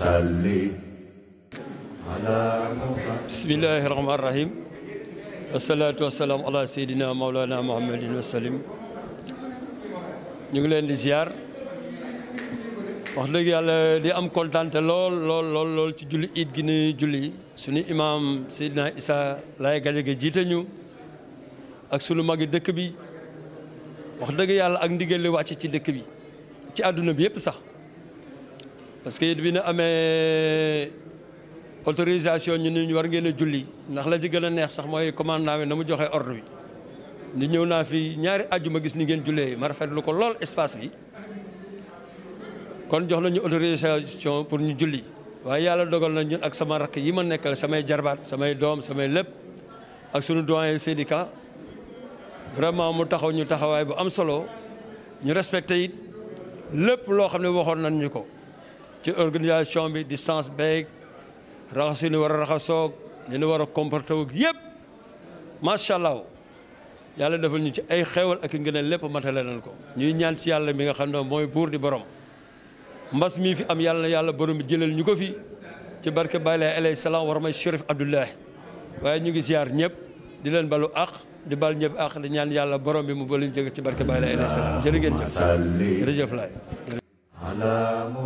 salli bismillahi rahmaani rahim wasalaatu wasalaam ala seydina maulana muhammadin wasalim ñu ngi leen di ziar wax dëgg yàlla di am kontante lool lool lool lool ci julli it gi ni julli suñu imaam seydina isa laay gajege jiite ak sunu magi dëkk bi wax dëgg yàlla ak ndigal li ci dëkk bi ci àdduna bi yépp sax parce que yit bi na amé autorisation ñu ñu war ngeen julli ndax la ci gën neex sax moy commandant bi na mu joxe ordre bi ni ñew na fi ñaari àjjuma gis ni ngeen jullé ma rafetlu ko lol espace bi kon jox nañu autorisation pour ñu julli waaye yalla dogal na ñun ak sama rak yi ma nekkal samay jarbat samay dom samay lepp ak suñu doyen syndicat vraiment mu taxaw ñu taxaway bu am solo ñu respecté it lepp lo xamné waxon nañ ko ci organisation bi distance beeg raxas yi ñu war a raxasoog li ñu war a comporté woog yëpp macha allah yàlla defal ñu ci ay xéewal ak ngëneel lépp matale nañ ko ñuy ñaan si yàlla mi nga xam ne mooy buur di borom mbas mii fi am yàlla na yàlla borom bi jëlal ñu ko fi ci barke Baye Laye alayhi war may Chérif Abdoulaye waaye ñu ngi ziar ñëpp di leen balu àq di bal ñëpp àq di ñaan yàlla borom bi mu baluñ jóge ci barke Baye Laye alayhi salaam jërë ngeen jëf jërëjëf laay